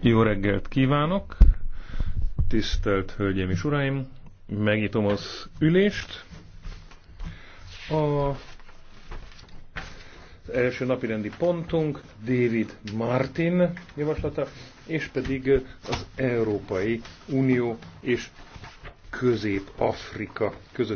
Jó reggelt kívánok! Tisztelt Hölgyeim és Uraim! Megnyitom az ülést. A az első napirendi pontunk David Martin javaslata, és pedig az Európai Unió és Közép-Afrika között